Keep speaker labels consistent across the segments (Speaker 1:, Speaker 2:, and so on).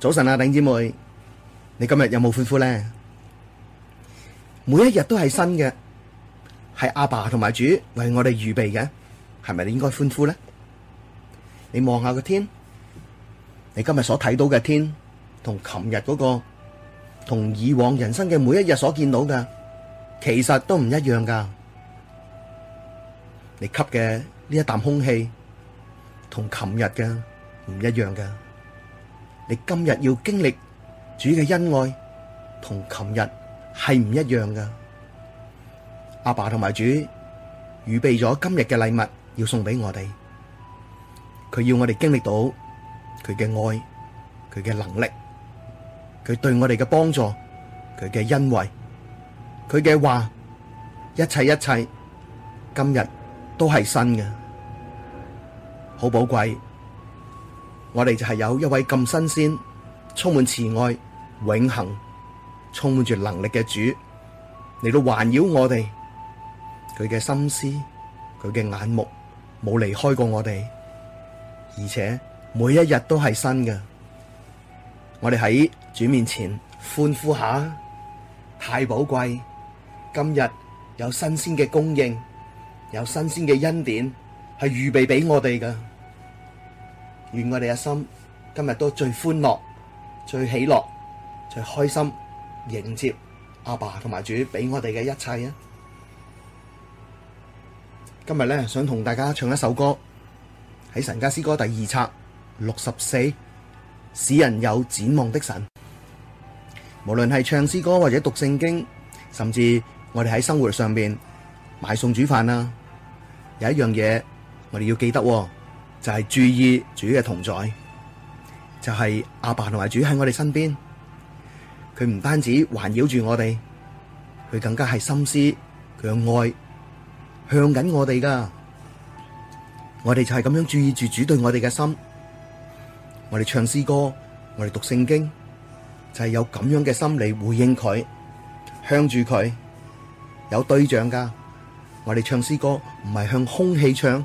Speaker 1: 早晨啊，頂姊妹，你今日有冇歡呼咧？每一日都係新嘅，係阿爸同埋主為我哋預備嘅，係咪你應該歡呼咧？你望下個天，你今日所睇到嘅天，同琴日嗰個，同以往人生嘅每一日所見到嘅，其實都唔一樣噶。你吸嘅呢一啖空氣，同琴日嘅唔一樣噶。你今日要經歷主嘅恩愛，同琴日係唔一樣噶。阿爸同埋主預備咗今日嘅禮物要送俾我哋，佢要我哋經歷到佢嘅愛、佢嘅能力、佢對我哋嘅幫助、佢嘅恩惠、佢嘅話，一切一切，今日都係新嘅，好寶貴。我哋就係有一位咁新鮮、充滿慈愛、永恒、充滿住能力嘅主嚟到環繞我哋，佢嘅心思、佢嘅眼目冇離開過我哋，而且每一日都係新嘅。我哋喺主面前歡呼下，太寶貴！今日有新鮮嘅供應，有新鮮嘅恩典，係預備俾我哋嘅。願我哋嘅心今日都最歡樂、最喜樂、最開心，迎接阿爸同埋主俾我哋嘅一切啊！今日咧，想同大家唱一首歌，喺神家詩歌第二冊六十四，64，使人有指望的神。無論係唱詩歌或者讀聖經，甚至我哋喺生活上邊買餸煮飯啊，有一樣嘢我哋要記得，啊。就係注意主嘅同在，就係、是、阿爸同埋主喺我哋身邊，佢唔單止環繞住我哋，佢更加係心思佢嘅愛向緊我哋噶，我哋就係咁樣注意住主對我哋嘅心，我哋唱詩歌，我哋讀聖經，就係、是、有咁樣嘅心理回應佢，向住佢有對象噶，我哋唱詩歌唔係向空氣唱。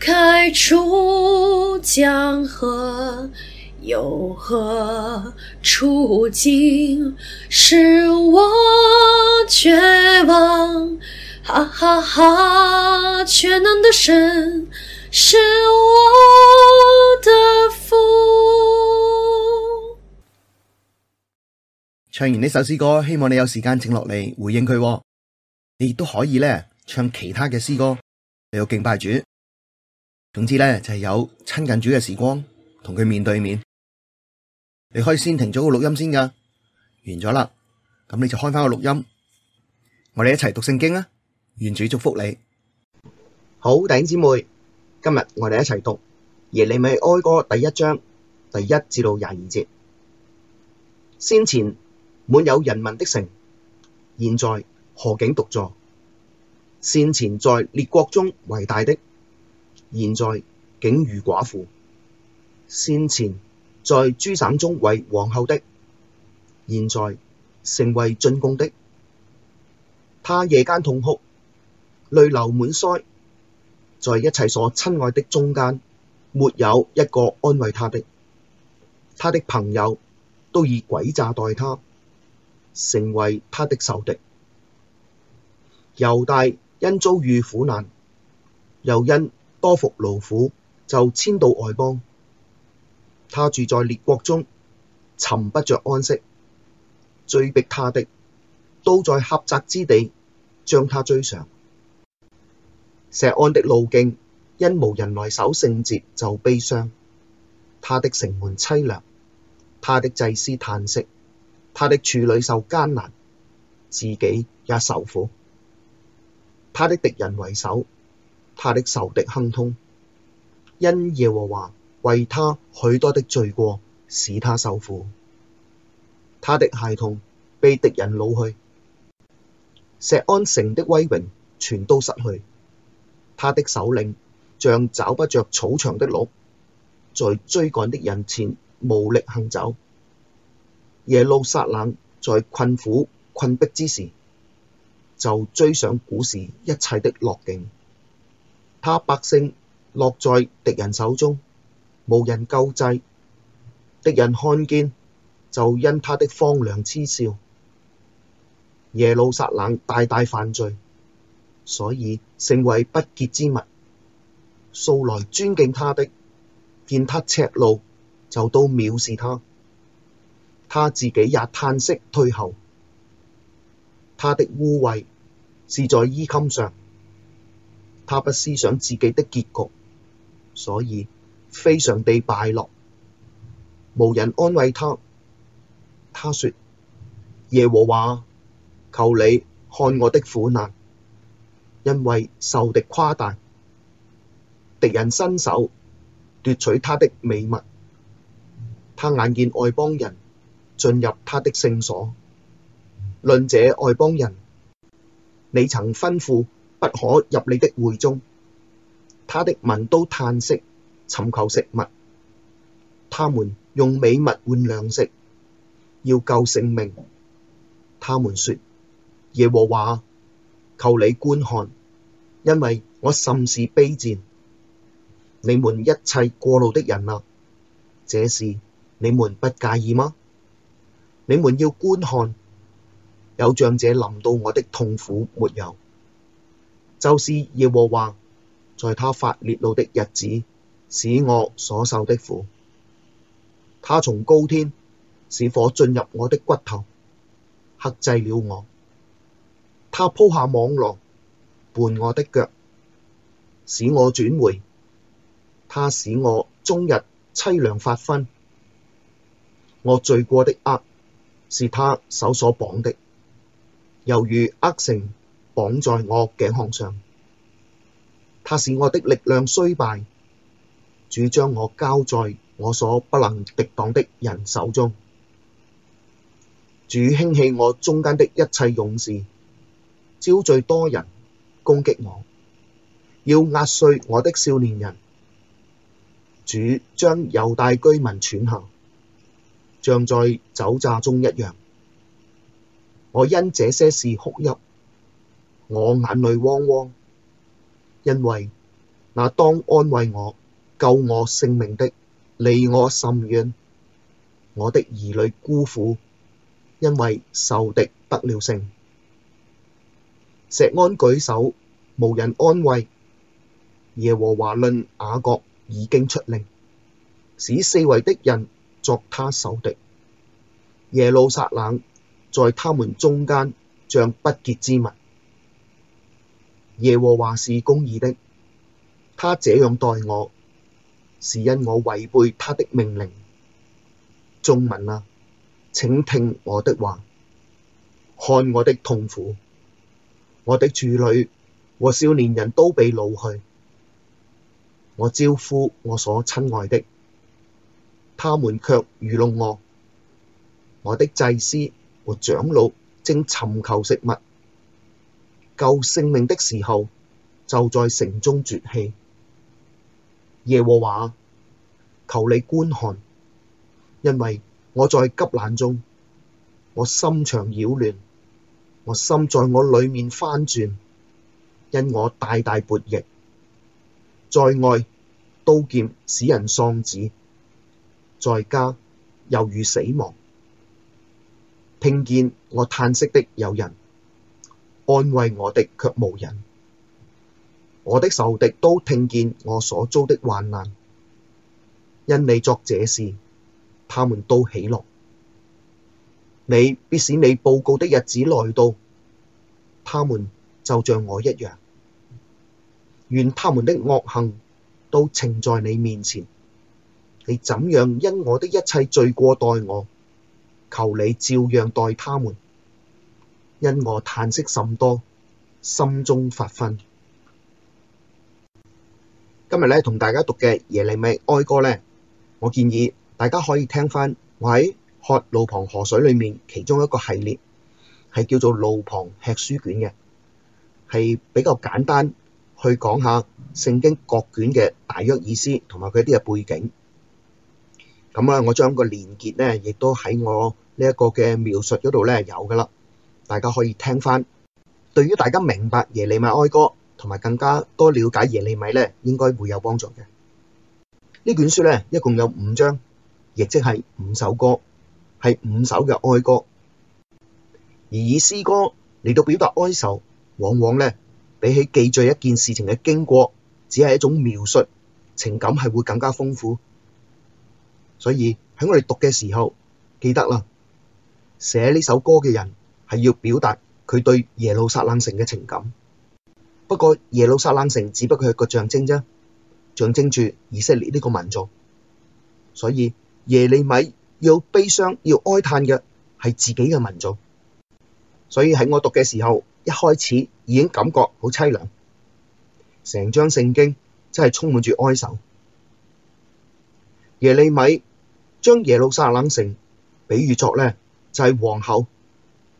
Speaker 2: 開出江河，有何處境使我絕望？哈哈哈，全能的神，是我的父。
Speaker 1: 唱完呢首詩歌，希望你有時間靜落嚟回應佢，哦。你亦都可以咧唱其他嘅詩歌，你好，敬拜主。總之咧，就係有親近主嘅時光，同佢面對面。你可以先停咗個錄音先噶，完咗啦，咁你就開翻個錄音，我哋一齊讀聖經啊！願主祝福你。好，弟兄姊妹，今日我哋一齊讀耶利米哀歌第一章第一至到廿二節。先前滿有人民的城，現在何竟獨坐？先前在列國中為大的，現在竟如寡婦，先前在諸省中為王后的，現在成為進貢的。她夜間痛哭，淚流滿腮，在一切所親愛的中間，沒有一個安慰她的。她的朋友都以詭詐待她，成為她的仇敵。猶大因遭遇苦難，又因多服勞苦，就遷到外邦。他住在列國中，尋不着安息。追逼他的，都在狹窄之地將他追上。錫安的路徑因無人來守聖節，就悲傷。他的城門淒涼，他的祭司歎息，他的處女受艱難，自己也受苦。他的敵人為首。他的仇敵亨通，因耶和華為他許多的罪過，使他受苦。他的孩童被敵人擄去，錫安城的威榮全都失去。他的首領像找不着草場的鹿，在追趕的人前無力行走。耶路撒冷在困苦窘迫之時，就追想古時一切的樂境。他百姓落在敵人手中，無人救濟。敵人看見就因他的荒涼嗤笑，耶路撒冷大大犯罪，所以成為不潔之物。素來尊敬他的，見他赤露，就都藐視他。他自己也嘆息退後。他的污穢是在衣襟上。他不思想自己的結局，所以非常地敗落，無人安慰他。他說：耶和華，求你看我的苦難，因為仇敵誇大，敵人伸手奪取他的美物。他眼見外邦人進入他的聖所，論這、外邦人，你曾吩咐。不可入你的會中。他的民都嘆息，尋求食物。他們用美物換糧食，要救性命。他們說：耶和華，求你觀看，因為我甚是卑賤。你們一切過路的人啊，這事你們不介意嗎？你們要觀看，有像這臨到我的痛苦沒有？就是耶和華在他發烈怒的日子，使我所受的苦；他從高天使火進入我的骨頭，克制了我；他鋪下網羅絆我的腳，使我轉回；他使我終日淒涼發昏；我罪過的軛是他手所綁的，猶如軛繩。綁在我頸項上，他使我的力量衰敗，主將我交在我所不能抵擋的人手中。主輕棄我中間的一切勇士，招聚多人攻擊我，要壓碎我的少年人。主將猶大居民踹下，像在酒醡中一樣。我因這些事哭泣。我眼淚汪汪，因為那當安慰我、救我性命的，離我甚遠。我的兒女孤苦，因為仇敵得了勝。錫安舉手，無人安慰。耶和華論雅各已經出令，使四圍的人作他仇敵。耶路撒冷在他們中間像不潔之物。耶和華是公義的，他這樣待我，是因我違背他的命令。眾民啊，請聽我的話，看我的痛苦。我的處女和少年人都被擄去，我招呼我所親愛的，他們卻愚弄我。我的祭司和長老正尋求食物。救性命的時候，就在城中絕氣。耶和華，求你觀看，因為我在急難中，我心腸擾亂，我心在我裡面翻轉，因我大大悖逆，在外刀劍使人喪子，在家猶如死亡。聽見我歎息的有人。安慰我的卻無人，我的仇敵都聽見我所遭的患難。因你作這事，他們都喜樂。你必使你報告的日子來到，他們就像我一樣。願他們的惡行都呈在你面前。你怎樣因我的一切罪過待我，求你照樣待他們，因我嘆息甚多，心中發昏。今日咧同大家讀嘅耶利米哀歌咧，我建議大家可以聽翻我喺《喝路旁河水》裏面其中一個系列，係叫做《路旁吃書卷》嘅，係比較簡單去講下聖經各卷嘅大約意思同埋佢啲嘅背景。咁啊，我將個連結咧，亦都喺我呢一個嘅描述嗰度咧有噶啦。大家可以聽翻，對於大家明白耶利米哀歌，同埋更加多了解耶利米咧，應該會有幫助嘅。呢卷書咧，一共有五章，亦即係五首歌，係五首嘅哀歌。而以詩歌嚟到表達哀愁，往往咧比起記敘一件事情嘅經過，只係一種描述，情感係會更加豐富。所以喺我哋讀嘅時候，記得啦，寫呢首歌嘅人。係要表達佢對耶路撒冷城嘅情感。不過耶路撒冷城只不過係個象徵啫，象徵住以色列呢個民族。所以耶利米要悲傷、要哀嘆嘅係自己嘅民族。所以喺我讀嘅時候，一開始已經感覺好凄涼。成張聖經真係充滿住哀愁。耶利米將耶路撒冷城比喻作呢，就係、是、皇后。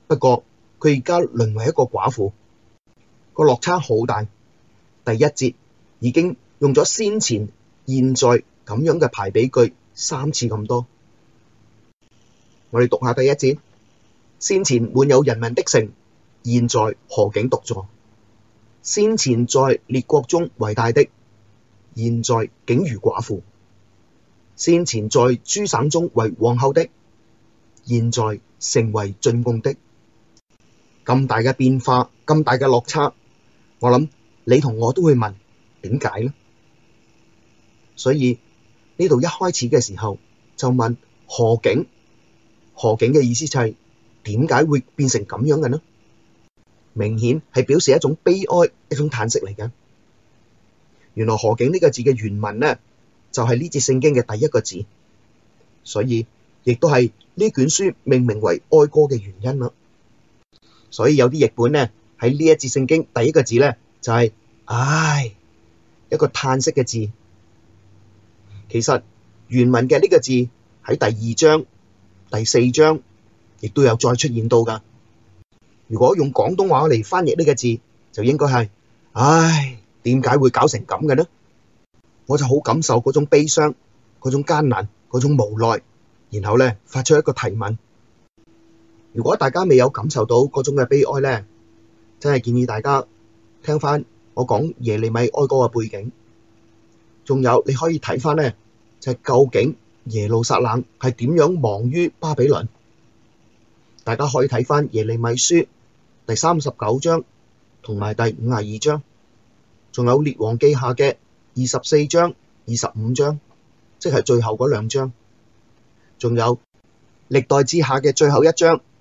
Speaker 1: 不過佢而家淪為一個寡婦，個落差好大。第一節已經用咗先前、現在咁樣嘅排比句三次咁多。我哋讀下第一節：先前滿有人民的城，現在何竟獨坐；先前在列國中為大的，現在竟如寡婦；先前在諸省中為王后的，現在成為進貢的。咁大嘅變化，咁大嘅落差，我諗你同我都會問點解呢？所以呢度一開始嘅時候就問何竟？何竟嘅意思就係點解會變成咁樣嘅呢？明顯係表示一種悲哀、一種嘆息嚟嘅。原來何竟呢個字嘅原文呢，就係呢節聖經嘅第一個字，所以亦都係呢卷書命名為哀歌嘅原因啦。所以有啲譯本呢，喺呢一節聖經第一個字呢，就係唉，一個嘆息嘅字，其實原文嘅呢個字喺第二章第四章亦都有再出現到㗎。如果用廣東話嚟翻譯呢個字，就應該係唉，點解會搞成咁嘅呢？我就好感受嗰種悲傷、嗰種艱難、嗰種無奈，然後呢發出一個提問。如果大家未有感受到嗰種嘅悲哀呢，真係建議大家聽翻我講耶利米哀歌嘅背景，仲有你可以睇翻呢，就係究竟耶路撒冷係點樣亡於巴比倫？大家可以睇翻耶利米書第三十九章同埋第五十二章，仲有列王記下嘅二十四章、二十五章，即係最後嗰兩章，仲有歷代志下嘅最後一章。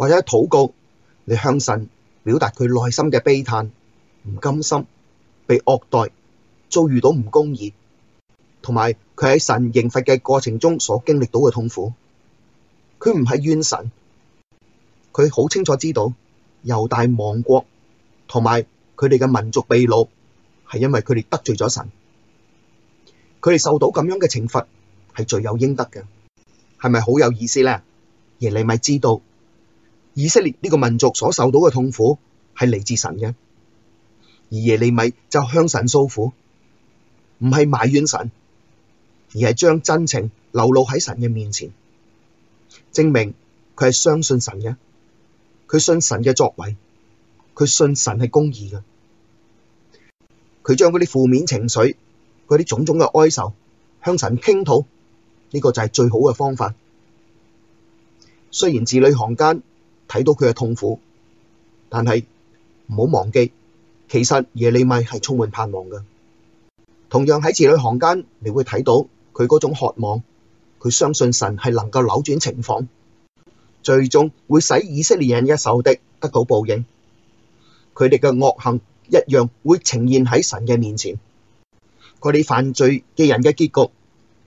Speaker 1: 或者禱告，你向神表達佢內心嘅悲嘆，唔甘心被惡待，遭遇到唔公義，同埋佢喺神刑罰嘅過程中所經歷到嘅痛苦。佢唔係怨神，佢好清楚知道猶大亡國同埋佢哋嘅民族被擄，係因為佢哋得罪咗神，佢哋受到咁樣嘅懲罰係罪有應得嘅，係咪好有意思呢？而你咪知道。以色列呢個民族所受到嘅痛苦係嚟自神嘅，而耶利米就向神訴苦，唔係埋怨神，而係將真情流露喺神嘅面前，證明佢係相信神嘅。佢信神嘅作為，佢信神係公義嘅。佢將嗰啲負面情緒、嗰啲種種嘅哀愁向神傾吐，呢個就係最好嘅方法。雖然字裏行間，睇到佢嘅痛苦，但係唔好忘記，其實耶利米係充滿盼望嘅。同樣喺字裏行間，你會睇到佢嗰種渴望，佢相信神係能夠扭轉情況，最終會使以色列人嘅仇敵得到報應，佢哋嘅惡行一樣會呈現喺神嘅面前，佢哋犯罪嘅人嘅結局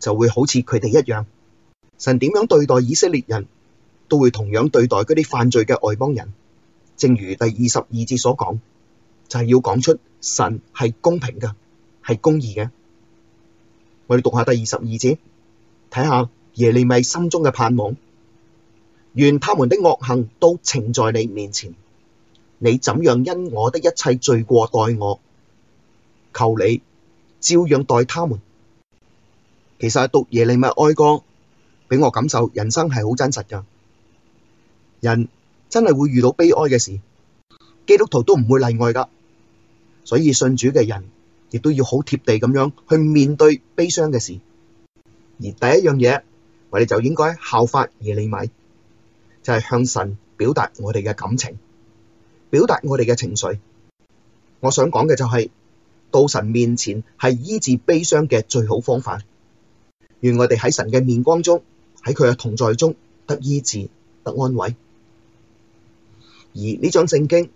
Speaker 1: 就會好似佢哋一樣。神點樣對待以色列人？都會同樣對待嗰啲犯罪嘅外邦人，正如第二十二節所講，就係要講出神係公平嘅，係公義嘅。我哋讀下第二十二節，睇下耶利米心中嘅盼望。願他們的惡行都呈在你面前，你怎樣因我的一切罪過待我，求你照樣待他們。其實讀耶利米哀歌畀我感受，人生係好真實噶。人真係會遇到悲哀嘅事，基督徒都唔會例外噶，所以信主嘅人亦都要好貼地咁樣去面對悲傷嘅事。而第一樣嘢，我哋就應該效法耶利米，就係向神表達我哋嘅感情，表達我哋嘅情緒。我想講嘅就係到神面前係醫治悲傷嘅最好方法。願我哋喺神嘅面光中，喺佢嘅同在中得醫治、得安慰。而呢章聖經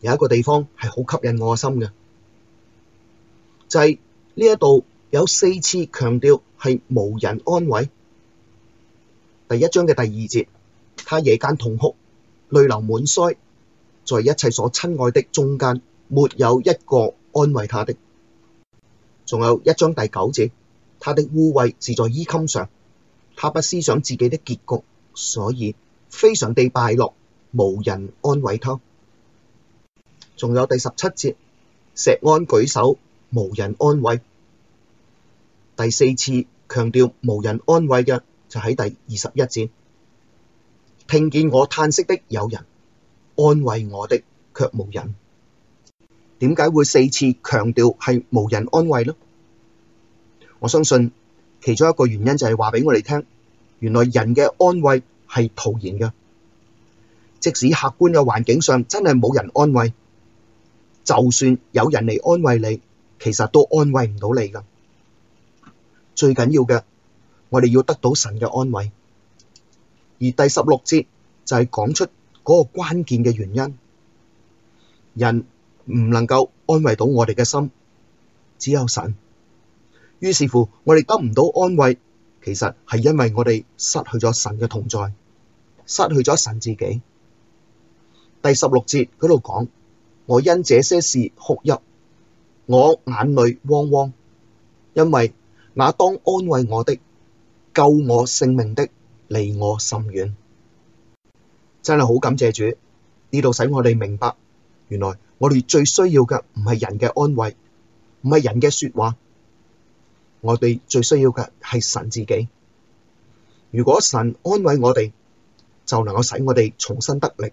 Speaker 1: 有一個地方係好吸引我的心嘅，就係呢一度有四次強調係無人安慰。第一章嘅第二節，他夜間痛哭，淚流滿腮，在一切所親愛的中間，沒有一個安慰他的。仲有一章第九節，他的污穢是在衣襟上，他不思想自己的結局，所以非常地敗落。無人安慰他，仲有第十七節，錫安舉手，無人安慰。第四次強調無人安慰嘅就喺第二十一節，聽見我嘆息的有人，安慰我的，卻無人。點解會四次強調係無人安慰呢？我相信其中一個原因就係話畀我哋聽，原來人嘅安慰係徒然嘅。即使客觀嘅環境上真係冇人安慰，就算有人嚟安慰你，其實都安慰唔到你㗎。最緊要嘅，我哋要得到神嘅安慰。而第十六節就係講出嗰個關鍵嘅原因，人唔能夠安慰到我哋嘅心，只有神。於是乎，我哋得唔到安慰，其實係因為我哋失去咗神嘅同在，失去咗神自己。第十六節嗰度講，我因這些事哭泣，我眼淚汪汪，因為那當安慰我的、救我性命的，離我甚遠。真係好感謝主，呢度使我哋明白，原來我哋最需要嘅唔係人嘅安慰，唔係人嘅說話，我哋最需要嘅係神自己。如果神安慰我哋，就能夠使我哋重新得力。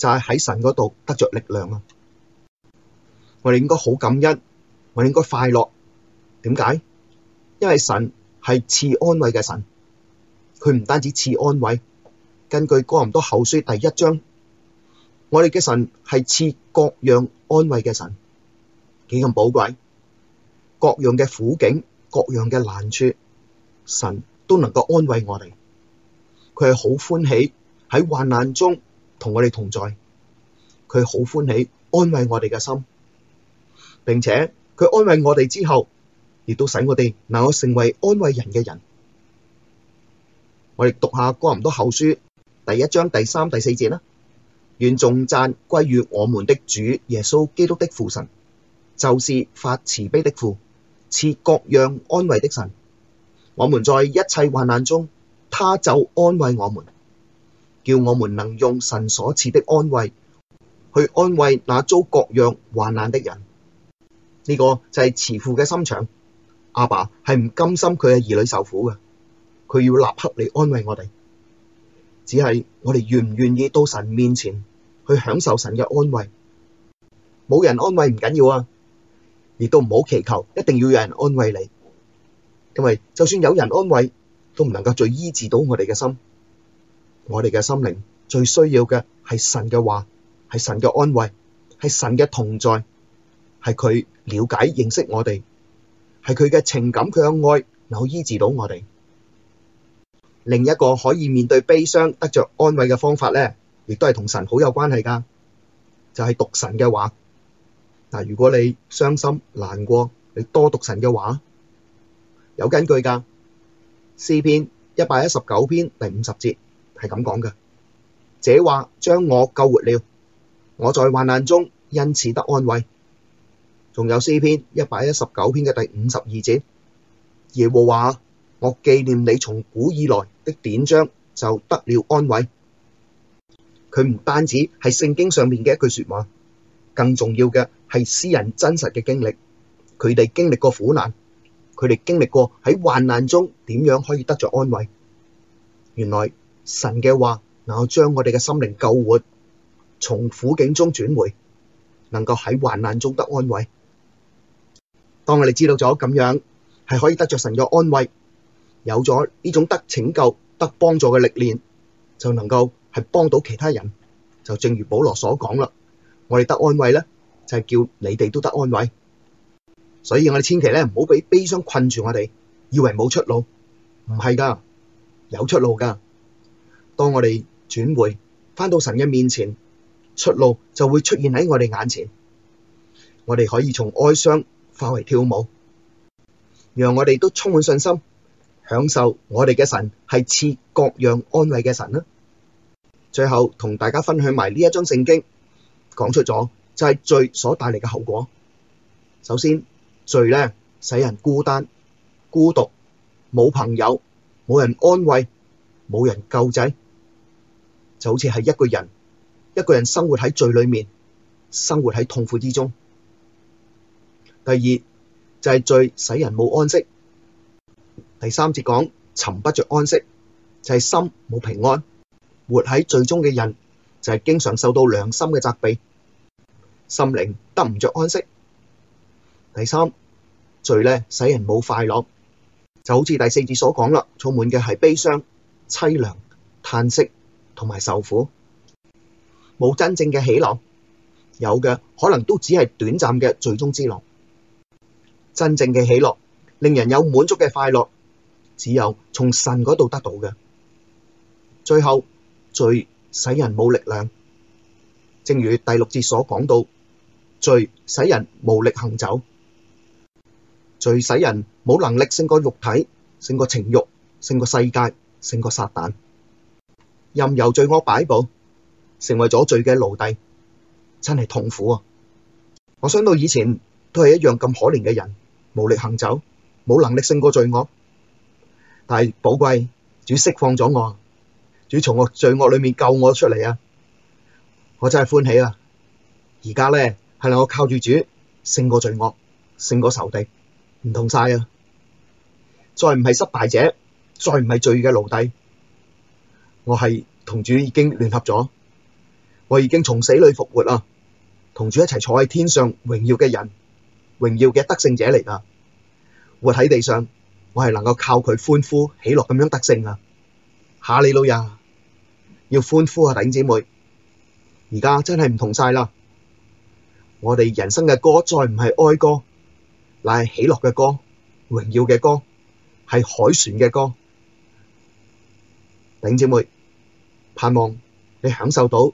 Speaker 1: 就係喺神嗰度得着力量啊！我哋應該好感恩，我哋應該快樂。點解？因為神係賜安慰嘅神，佢唔單止賜安慰。根據哥林多後書第一章，我哋嘅神係賜各樣安慰嘅神，幾咁寶貴！各樣嘅苦境、各樣嘅難處，神都能夠安慰我哋。佢係好歡喜喺患難中。同我哋同在，佢好歡喜安慰我哋嘅心，並且佢安慰我哋之後，亦都使我哋能夠成為安慰人嘅人。我哋讀下《哥林多後書》第一章第三、第四節啦。願頌讚歸於我們的主耶穌基督的父神，就是發慈悲的父，賜各樣安慰的神。我們在一切患難中，他就安慰我們。叫我們能用神所賜的安慰去安慰那遭各樣患難的人，呢個就係慈父嘅心腸。阿爸係唔甘心佢嘅兒女受苦嘅，佢要立刻嚟安慰我哋。只係我哋願唔願意到神面前去享受神嘅安慰？冇人安慰唔緊要啊，亦都唔好祈求，一定要有人安慰你，因為就算有人安慰，都唔能夠再醫治到我哋嘅心。我哋嘅心靈最需要嘅係神嘅話，係神嘅安慰，係神嘅同在，係佢了解認識我哋，係佢嘅情感，佢嘅愛，能夠醫治到我哋。另一個可以面對悲傷得着安慰嘅方法呢，亦都係同神好有關係噶，就係、是、讀神嘅話嗱。但如果你傷心難過，你多讀神嘅話有根據噶。詩篇一百一十九篇第五十節。係咁講嘅，這話將我救活了，我在患難中因此得安慰。仲有詩篇一百一十九篇嘅第五十二節，耶和華，我紀念你從古以來的典章，就得了安慰。佢唔單止係聖經上面嘅一句說話，更重要嘅係詩人真實嘅經歷。佢哋經歷過苦難，佢哋經歷過喺患難中點樣可以得着安慰，原來。神嘅話能夠將我哋嘅心靈救活，從苦境中轉回，能夠喺患難中得安慰。當我哋知道咗咁樣係可以得着神嘅安慰，有咗呢種得拯救、得幫助嘅歷練，就能夠係幫到其他人。就正如保羅所講啦，我哋得安慰咧，就係叫你哋都得安慰。所以我哋千祈咧唔好俾悲傷困住我哋，以為冇出路，唔係噶，有出路噶。當我哋轉回翻到神嘅面前，出路就會出現喺我哋眼前。我哋可以從哀傷化為跳舞，讓我哋都充滿信心，享受我哋嘅神係賜各樣安慰嘅神啦。最後同大家分享埋呢一章聖經，講出咗就係罪所帶嚟嘅後果。首先，罪呢，使人孤單、孤獨、冇朋友、冇人安慰、冇人救濟。就好似係一個人，一個人生活喺罪裏面，生活喺痛苦之中。第二就係、是、罪使人冇安息。第三節講尋不着安息，就係、是、心冇平安，活喺罪中嘅人就係、是、經常受到良心嘅責備，心靈得唔着安息。第三罪呢，使人冇快樂，就好似第四節所講啦，充滿嘅係悲傷、淒涼、嘆息。同埋受苦，冇真正嘅喜樂，有嘅可能都只係短暫嘅最終之樂。真正嘅喜樂，令人有滿足嘅快樂，只有從神嗰度得到嘅。最後，罪使人冇力量，正如第六節所講到，罪使人無力行走，罪使人冇能力勝過肉體，勝過情欲，勝過世界，勝過撒旦。任由罪惡擺布，成為咗罪嘅奴隸，真係痛苦啊！我想到以前都係一樣咁可憐嘅人，無力行走，冇能力勝過罪惡。但係寶貴，主釋放咗我，主從我罪惡裏面救我出嚟啊！我真係歡喜啊！而家咧，係我靠住主勝過罪惡，勝過仇敵，唔同晒啊！再唔係失敗者，再唔係罪嘅奴隸。我係同主已經聯合咗，我已經從死裏復活啦，同主一齊坐喺天上榮耀嘅人，榮耀嘅得勝者嚟啦。活喺地上，我係能夠靠佢歡呼喜樂咁樣得勝啊！哈利路亞，要歡呼啊弟兄姊妹！而家真係唔同晒啦，我哋人生嘅歌再唔係哀歌，乃係喜樂嘅歌，榮耀嘅歌，係凱旋嘅歌。頂姐妹，盼望你享受到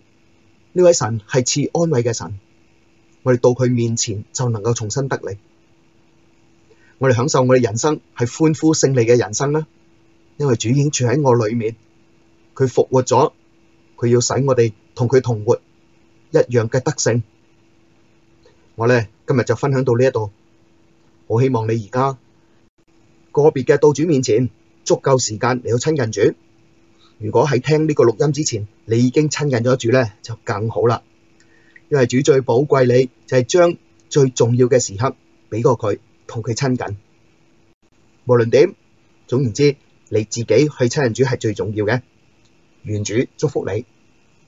Speaker 1: 呢位神係賜安慰嘅神，我哋到佢面前就能夠重新得力，我哋享受我哋人生係歡呼勝利嘅人生啦。因為主已經住喺我裏面，佢復活咗，佢要使我哋同佢同活一樣嘅德性。我呢今日就分享到呢一度，我希望你而家個別嘅到主面前足夠時間嚟到親近主。如果喺聽呢個錄音之前，你已經親近咗主呢，就更好啦。因為主最寶貴你，就係將最重要嘅時刻俾過佢，同佢親近。無論點，總言之，你自己去親近主係最重要嘅。願主祝福你。